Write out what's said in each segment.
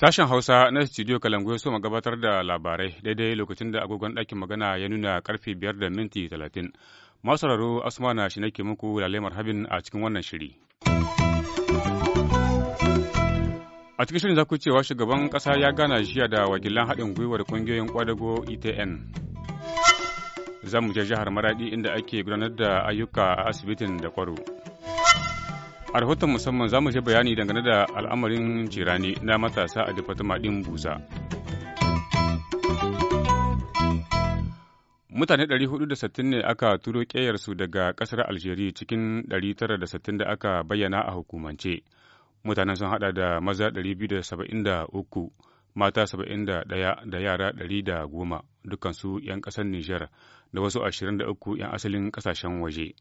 Sashen Hausa na studio Kalangu ya so gabatar da labarai daidai lokacin da agogon ɗakin magana ya nuna karfe biyar da minti talatin. Masu sauraro Asmana shi nake muku lalemar habin a cikin wannan shiri. A cikin shirin za ku cewa shugaban ƙasa ya gana jiya da wakilan haɗin gwiwar ƙungiyoyin ƙwadago ETN. Za mu je jihar Maraɗi inda ake gudanar da ayyuka a asibitin da kwaro. A rahoton musamman za mu je bayani dangane da al'amarin cirani na matasa a Departement ɗin Busa. mutane 460 ne aka turo ƙeyarsu daga ƙasar algeria cikin 960 da aka bayyana a hukumance mutanen sun hada da maza 273 mata 71 da yara 110 dukansu 'yan kasar Nijar da wasu 23 'yan asalin kasashen waje.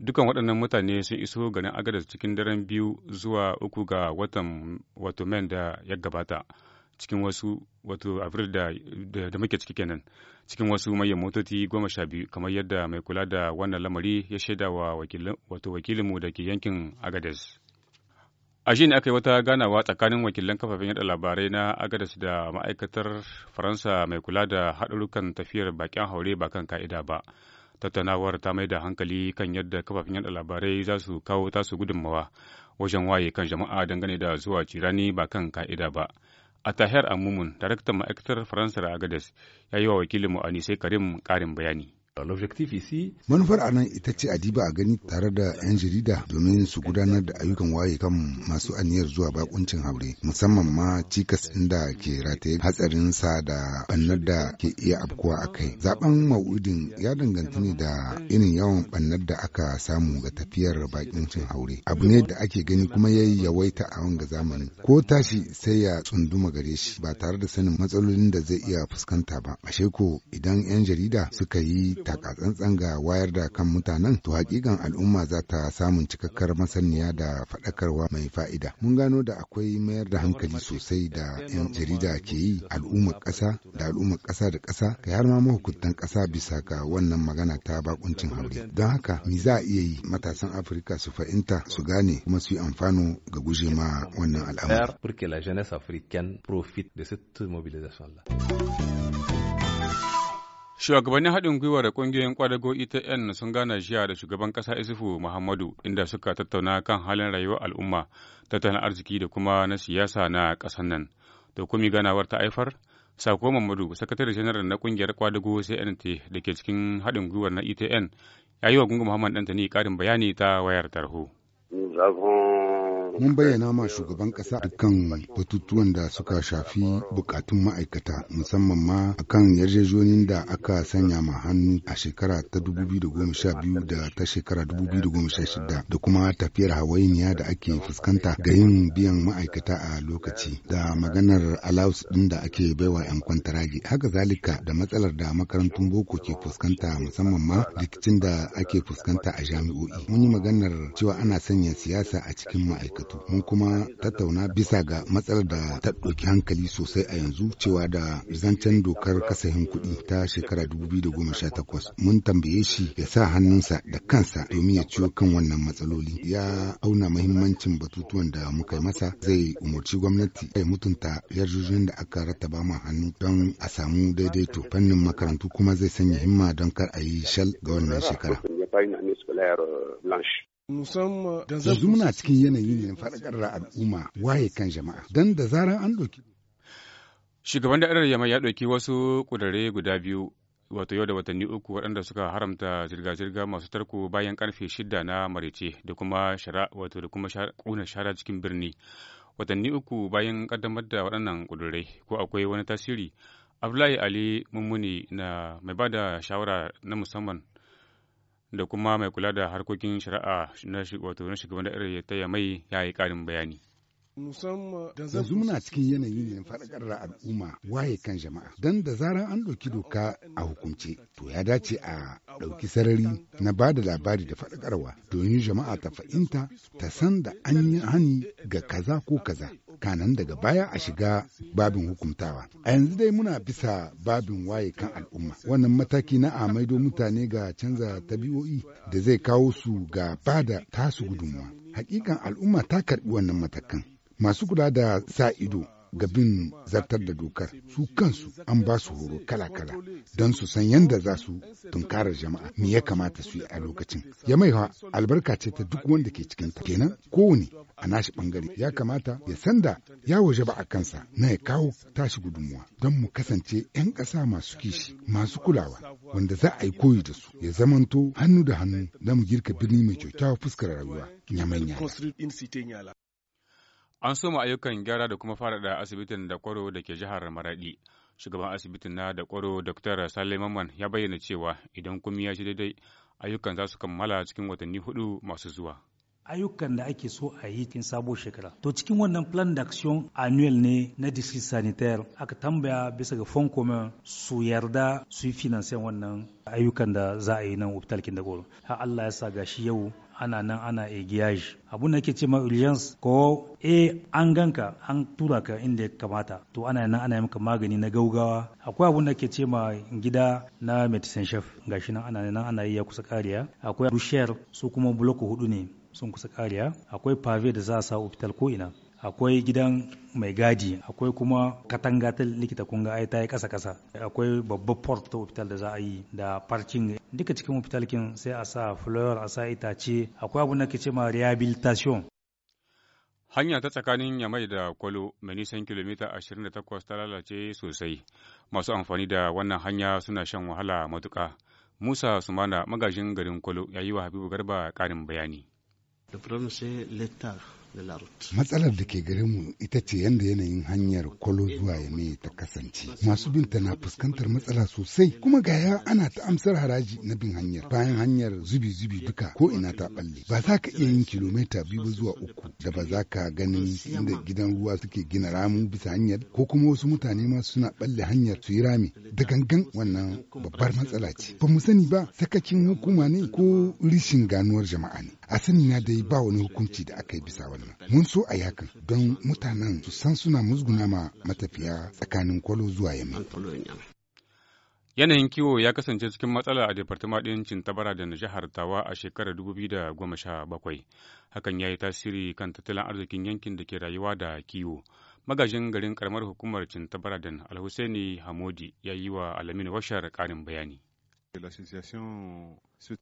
Dukan waɗannan mutane sun iso garin agadas cikin daren biyu zuwa uku ga watan wato men da ya gabata cikin wasu wato abril da, muke ciki kenan cikin wasu mayan motoci goma sha biyu kamar yadda mai kula da wannan lamari ya shaida wa wakilinmu da ke yankin agades A shi ne aka yi wata ganawa tsakanin wakilan kafafen yada labarai na Agadas da ma'aikatar Faransa mai kula da haɗarukan tafiyar bakin haure ba kan ka'ida ba. Tattaunawar ta mai da hankali kan yadda kafafen yada labarai za su kawo tasu gudunmawa wajen waye kan jama'a dangane da zuwa cirani ba kan ka'ida ba. A Tahir Amumun, daraktan ma'aikatar Faransa da Agadas, ya yi wa wakilinmu anisai Karim karin bayani. Manufar a nan ita ce a diba a gani tare da 'yan jarida domin su gudanar da ayyukan waye kan masu aniyar zuwa bakuncin haure musamman ma cikas inda ke rataye hatsarin sa da bannar da ke iya abkuwa a kai. Zaben ma'udin ya danganta ne da irin yawan bannar da aka samu ga tafiyar bakuncin haure. Abu ne da ake gani kuma ya yawaita a wanga zamanin. Ko tashi sai ya tsunduma gare shi ba tare da sanin matsalolin da zai iya fuskanta ba. Ashe ko idan 'yan jarida suka yi takatsantsan ga wayar da kan mutanen to hakikan al'umma za ta samun cikakkar masaniya da faɗakarwa mai fa'ida. Mun gano da akwai mayar da hankali sosai da 'yan jarida ke yi al'ummar ƙasa da al'ummar ƙasa da ƙasa kai har ma mahukuntan ƙasa bisa ga wannan magana ta bakuncin haure. Don haka me za a iya yi matasan Afirka su fahimta su gane kuma su yi amfano ga guje ma wannan al'amari. pour que la jeunesse africaine profite Shugabannin haɗin gwiwa da ƙungiyoyin ƙwadago ETN sun gane jiya da shugaban ƙasa Isufu Muhammadu inda suka tattauna kan halin rayuwar al'umma, tattalin arziki da kuma na siyasa na ƙasar nan. Da kuma ganawar ta aifar Sako Muhammadu, sakatare janar na ƙungiyar ƙwadago CNT da ke cikin haɗin gwiwar na ETN, ya yi wa Gungun Muhammad ne ƙarin bayani ta wayar tarho. Mun bayyana ma shugaban ƙasa dukkan batutuwan da suka shafi bukatun ma'aikata musamman ma akan yarjejonin da aka sanya ma hannu a shekara ta 2012 da ta shekara 2016 da kuma tafiyar hawainiya da ake fuskanta ga yin biyan ma'aikata a lokaci da maganar allows ɗin da ake baiwa 'yan kwantaragi haka zalika da matsalar da makarantun boko ke fuskanta musamman ma rikicin da ake fuskanta a jami'o'i mun yi maganar cewa ana sanya siyasa a cikin ma'aikata mun kuma tattauna bisa ga matsalar da ta ɗauki hankali sosai a yanzu cewa da zancen dokar kasahin kuɗi ta shekara 2018 mun tambaye shi ya sa hannunsa da kansa domin ya ciwo kan wannan matsaloli ya auna mahimmancin batutuwan da muka masa zai umarci gwamnati ya mutunta yarjejin da aka rattaba ma hannu don a samu daidaito fannin makarantu kuma zai sanya himma don kar a yi shal ga wannan shekara. Yanzu muna cikin yanayi ne faɗakar da al'umma waye kan jama'a. Dan da zaran an ɗauki. Shugaban Yamai ya ɗauki wasu ƙudare guda biyu wato yau da watanni uku waɗanda suka haramta zirga-zirga masu tarko bayan karfe shida na marice da kuma shara wato da kuma ƙuna shara cikin birni watanni uku bayan ƙaddamar da waɗannan ƙudurai ko akwai wani tasiri abdullahi ali mummuni na mai ba da shawara na musamman da kuma mai kula da harkokin shari'a na shugaban da ta yamai ya yi ƙarin bayani. yanzu muna cikin yanayin ne faɗakar al'umma waye kan jama'a don da zaran an ɗauki doka a hukumce to ya dace a ɗauki sarari na ba da labari da faɗakarwa domin jama'a ta fahimta ta san da an yi hani ga kaza ko kaza kanan daga baya a shiga babin hukumtawa. a yanzu dai muna bisa babin waye kan al'umma wannan mataki na amaido mutane ga canza tabi'o'i da zai kawo su ga bada tasu gudunmuwa hakikan al'umma ta karbi wannan matakan masu kula da sa ido ga bin zartar da dokar su kansu an ba su horo kala-kala don su san yadda za su tunkarar jama'a me ya kamata su yi a lokacin ya hawa albarka ce ta duk wanda ke cikin ta kenan kowane a nashi bangare ya kamata ya san da ya waje ba a kansa na ya kawo tashi gudunmuwa don mu kasance 'yan ƙasa masu kishi masu kulawa wanda za a yi koyi da su ya zamanto hannu da hannu na mu girka birni mai kyauta fuskar rayuwa nyamanya An soma ayyukan gyara da kuma faraɗa asibitin da kwaro da ke jihar Maraɗi. Shugaban asibitin na da kwaro Dr. Sale Maman ya bayyana cewa idan kuma ya shi daidai ayyukan za su kammala cikin watanni hudu masu zuwa. ayyukan da ake so a yi cikin sabo shekara to cikin wannan plan d'action annuel ne na district sanitaire aka tambaya bisa ga fond commun su yarda su yi finansiyan wannan ayyukan da za a yi nan hospital kin da goro har Allah ya sa gashi yau ana nan ana egiyaji abu da ke ce ma urgence ko e an ganka an tura ka inda ya kamata to ana nan ana maka magani na gaugawa akwai abun da ke ce ma gida na medicine chef gashi nan ana nan ana yi ya kusa kariya akwai rusher su kuma bloku hudu ne sun kusa kariya akwai pave da za a sa ofital ko ina akwai gidan mai gadi akwai kuma katanga ta likita kunga ai ta yi kasa kasa akwai babbar port ta hospital da za a yi da parking duka cikin hospital kin sai a sa flower a sa itace akwai abu na ke ce ma rehabilitation Hanya ta tsakanin Yamai da Kwalo mai nisan kilomita 28 ta lalace sosai. Masu amfani da wannan hanya suna shan wahala matuka Musa Sumana magajin garin Kwalo ya yi wa Habibu Garba karin bayani. Matsalar da ke mu ita ce yadda yanayin hanyar kwalo zuwa ne ta kasance. Masu binta na fuskantar matsala sosai kuma ga ya ana ta amsar haraji na bin hanyar bayan hanyar zubi-zubi duka ko ina ta balle. Ba za ka iya yin kilomita biyu zuwa uku da ba za ka gani inda gidan ruwa suke gina ramu bisa hanyar ko kuma wasu mutane ma suna balle hanyar su yi rami da gangan wannan babbar matsala ce. Ba mu sani ba sakacin hukuma ne ko rishin ganuwar jama'a ne. a sani na dai ba wani hukunci da aka yi bisa wannan mun so a yakan don mutanen su san suna musguna ma matafiya tsakanin kwalo zuwa yamma yanayin kiwo ya kasance cikin matsala a departima ɗin cintabara da na jihar tawa a shekarar bakwai hakan ya yi tasiri kan tattalin arzikin yankin da ke rayuwa da kiwo magajin garin karamar hukumar cintabara da alhusaini hamodi ya yi wa alamin washar ƙarin bayani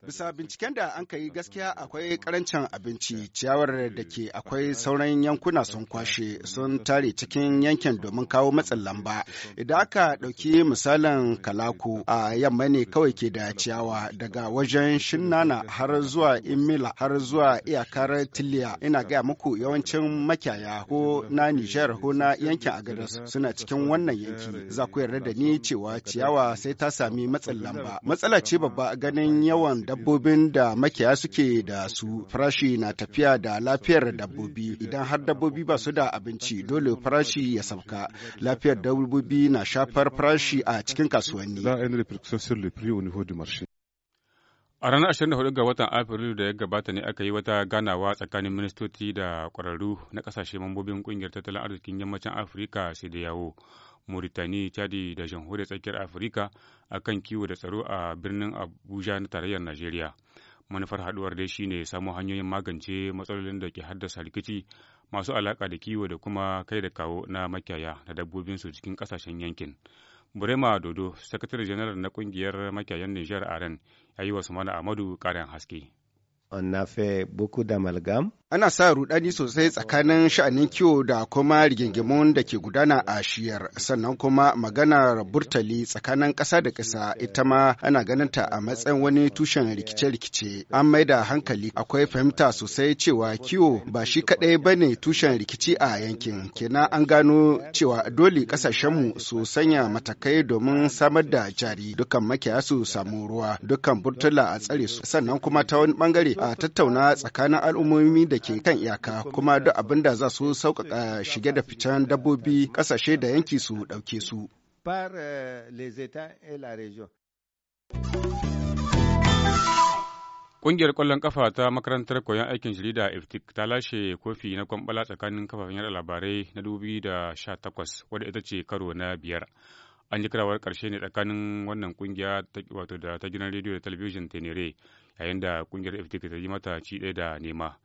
Bisa binciken da an yi gaskiya akwai karancin abinci ciyawar da ke akwai sauran yankuna sun kwashe sun tare cikin yankin domin kawo matsin lamba. Idan aka ɗauki misalin kalaku a yamma ne kawai ke da ciyawa daga wajen Shinnana har zuwa Imila har zuwa iyakar Tiliya ina gaya muku yawancin makiyaya ko na Nijar ko na yankin Agadas suna cikin wannan yanki. Za ku yarda da ni cewa ciyawa sai ta sami matsin lamba. Matsala ce babba ganin yawan yawan dabbobin da makiya suke da su farashi na tafiya da lafiyar dabbobi idan har dabbobi ba su da abinci dole farashi ya sauka lafiyar dabbobi na shafar farashi a cikin kasuwanni A ranar 24 ga watan Afrilu da ya gabata ne aka yi wata ganawa tsakanin ministoci da ƙwararru na ƙasashe mambobin ƙungiyar tattalin arzikin yammacin Afirka sai da yawo. Mauritani, Chadi da Jamhuriyar Tsakiyar Afirka a kan kiwo da tsaro a birnin Abuja na tarayyar Najeriya. Manufar haɗuwar dai shine samo hanyoyin magance matsalolin da ke haddasa rikici masu alaƙa da kiwo da kuma kai da kawo na makiyaya da su cikin ƙasashen yankin. Burema Dodo, sakatare janar na ƙungiyar makiyayan Nijar ran ya yi wa mana Amadu ƙarin haske. On fe buku da Malgam, ana sa rudani sosai tsakanin sha'anin kiwo da kuma rigingimun da ke gudana a shiyar sannan kuma maganar burtali tsakanin ƙasa da ƙasa ita ma ana ganinta a matsayin wani tushen rikice-rikice an mai da hankali akwai fahimta sosai cewa kiwo ba shi kaɗai ba ne tushen rikici a yankin kenan an gano cewa dole ƙasashenmu su sanya matakai domin samar da jari dukkan makiya su samu ruwa dukkan burtala a tsare su sannan kuma ta wani bangare a tattauna tsakanin al'ummomi da ke kan iyaka kuma duk abin da za su sauƙaƙa shige da ficen dabbobi kasashe da yanki su ɗauke su. Eh, ƙungiyar ƙwallon ƙafa ta makarantar koyon aikin jarida iftik ta lashe kofi na kwambala tsakanin kafafen yada labarai na 2018 wadda ita ce karo na biyar. An ji kirawar ƙarshe ne tsakanin wannan ƙungiya wato da ta gidan rediyo da talabijin tenere yayin da ƙungiyar iftik ta yi mata ci ɗaya da nema.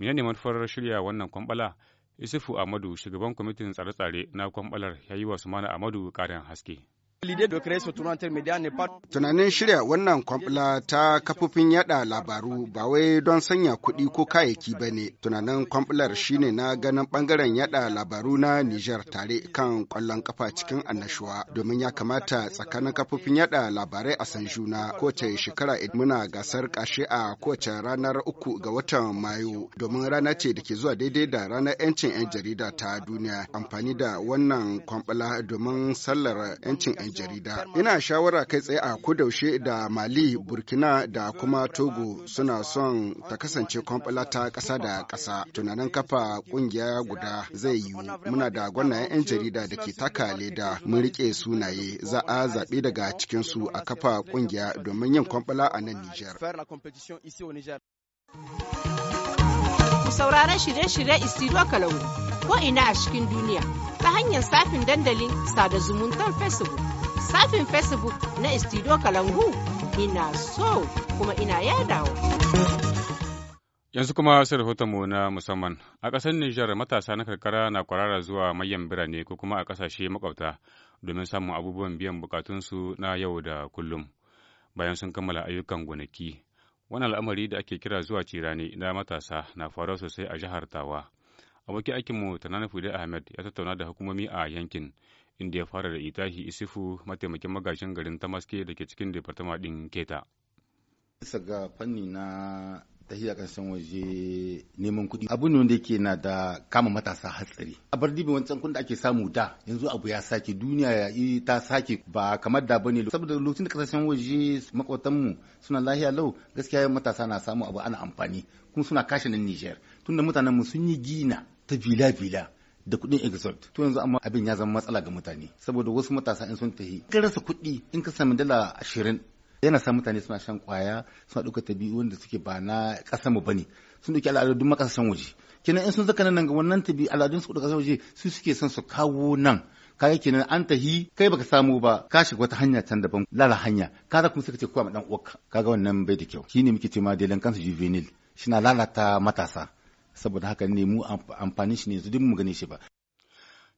mene ne manufar shirya wannan kwambala isufu ahmadu shugaban kwamitin tsare-tsare na kwambalar ya yi wa sumana amadu ƙarin haske Tunanin shirya wannan kwamfula ta kafofin yada labaru ba wai don sanya kuɗi ko kayayyaki ba ne. Tunanin kwamfular shine na ganin ɓangaren yada labaru na Nijar tare kan kwallon kafa cikin annashuwa domin ya kamata tsakanin kafofin yada labarai a san juna kowace shekara muna gasar kashe a kowace ranar uku ga watan Mayu domin rana ce da ke zuwa daidai da ranar 'yancin 'yan jarida ta duniya. Amfani da wannan kwamfula domin sallar 'yancin 'yan jarida. Ina shawara kai tsaye a kudaushe da Mali, Burkina da kuma Togo suna son ta kasance kwamfala ta ƙasa da kasa Tunanin kafa kungiya guda zai yiwu. Muna da gwanayen 'yan jarida da ke taka leda mun rike sunaye za a daga cikinsu a kafa kungiya domin yin kwamfala a nan Nijar. sauraron shirye-shirye Isiro Kalau ko ina a cikin duniya ta hanyar safin dandalin sada zumuntar Facebook. Safin Facebook na Istido Kalangu ina so kuma ina yadawa. Yanzu kuma sai mu na musamman. A ƙasar Nijar matasa na karkara na kwarara zuwa manyan birane ko kuma a ƙasashe makwabta domin samun abubuwan biyan bukatunsu na yau da kullum. Bayan sun kammala ayyukan gonaki, wani al'amari da ake kira zuwa cirani na matasa na faruwa sosai a jihar Tawa. Abokin aikinmu Tanana Fude Ahmed ya tattauna da hukumomi a yankin inda ya fara da Itahi isifu mataimakin magashin garin Tamaske da ke cikin departama din Keta. Bisa ga fanni na tahiya karshen waje neman kuɗi abu ne wanda yake na da kama matasa hatsari a bar dibi wancan kun da ake samu da yanzu abu ya sake duniya ya yi ta sake ba kamar da bane saboda lokacin da kasashen waje makwatan suna lahiya lau gaskiya matasa na samu abu ana amfani kuma suna kashe nan Niger tunda mutanen mu sun yi gina ta bila-bila da kuɗin exalt to yanzu amma abin ya zama matsala ga mutane saboda wasu matasa in sun tafi ka rasa kuɗi in ka sami dala ashirin yana sa mutane suna shan kwaya suna ɗauka tabi'u wanda suke ba na ƙasar mu bane sun ɗauki al'adun makasashen waje kenan in sun zaka nan ga wannan tabi al'adun su da ƙasar waje su suke son su kawo nan kaya kenan an tahi kai baka samu ba ka shiga wata hanya can daban lala hanya ka za kuma suka ce kuwa ma dan uwarka kaga wannan bai da kyau shine muke cewa dailan kansu juvenile shi na lalata matasa saboda haka ne mu amfani shi ne yanzu duk mu gane shi ba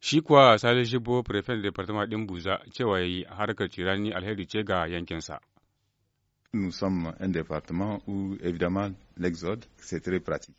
shi kuwa sale shibo prefect department din buza cewa ya yayi harkar cirani alheri ce ga yankinsa nous sommes un département où évidemment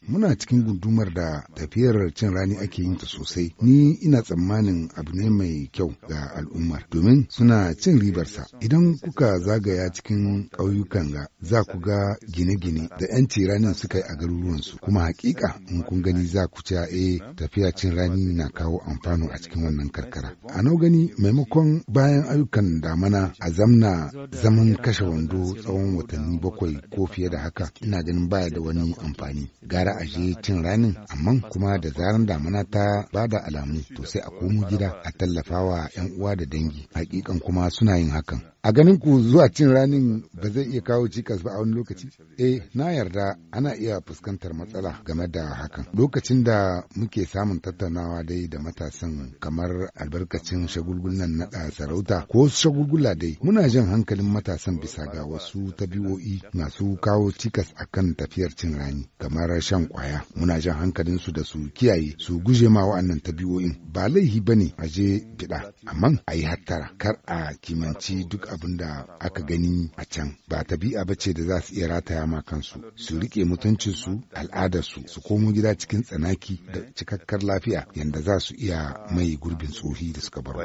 Muna cikin gundumar da tafiyar cin rani ake yin ta sosai. Ni ina tsammanin abu ne mai kyau ga al'ummar domin suna cin ribarsa. Idan kuka zagaya cikin ƙauyukan ga za ku ga gine-gine da 'yan ranin suka yi a garuruwansu. Kuma hakika in kun gani za ku ce e tafiya cin rani na kawo amfano a cikin wannan karkara. A nau gani maimakon bayan ayyukan damana a zamna zaman kashe wando tsawon watanni bakwai ko fiye da haka ina ganin baya da wani amfani gara a je cin ranin amma kuma da zaran damana ta ba da alamu to sai a komo gida a tallafawa 'yan uwa da dangi hakikan kuma suna yin hakan a ganin ku zuwa cin ranin ba zai iya kawo cikas ba a wani lokaci eh na yarda ana iya fuskantar matsala game da hakan lokacin da muke samun tattaunawa dai da matasan kamar albarkacin nan naɗa eh, sarauta ko shagulgula dai muna jan hankalin matasan bisa ga wasu tabi'o'i masu kawo cikas a kan tafiyar cin rani kamar shan kwaya muna jan hankalin su da su kiyaye su guje ma wa'annan tabi'o'in ba laihi bane a je fiɗa amma a yi hattara kar a kimanci duk abin da aka gani a can ba tabi'a ba ce da za su iya rataya ma kansu su rike mutuncinsu al'adarsu su komo gida cikin tsanaki da cikakkar lafiya yadda za su iya mai gurbin tsohi da suka baro.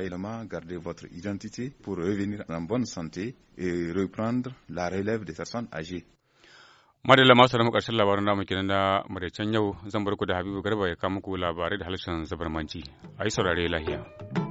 Madalla masu da karshen labarin namu kenan na madaicen yau zan barku da Habibu Garba ya kawo muku labarai da harshen zabarmanci. A yi saurare lahiya.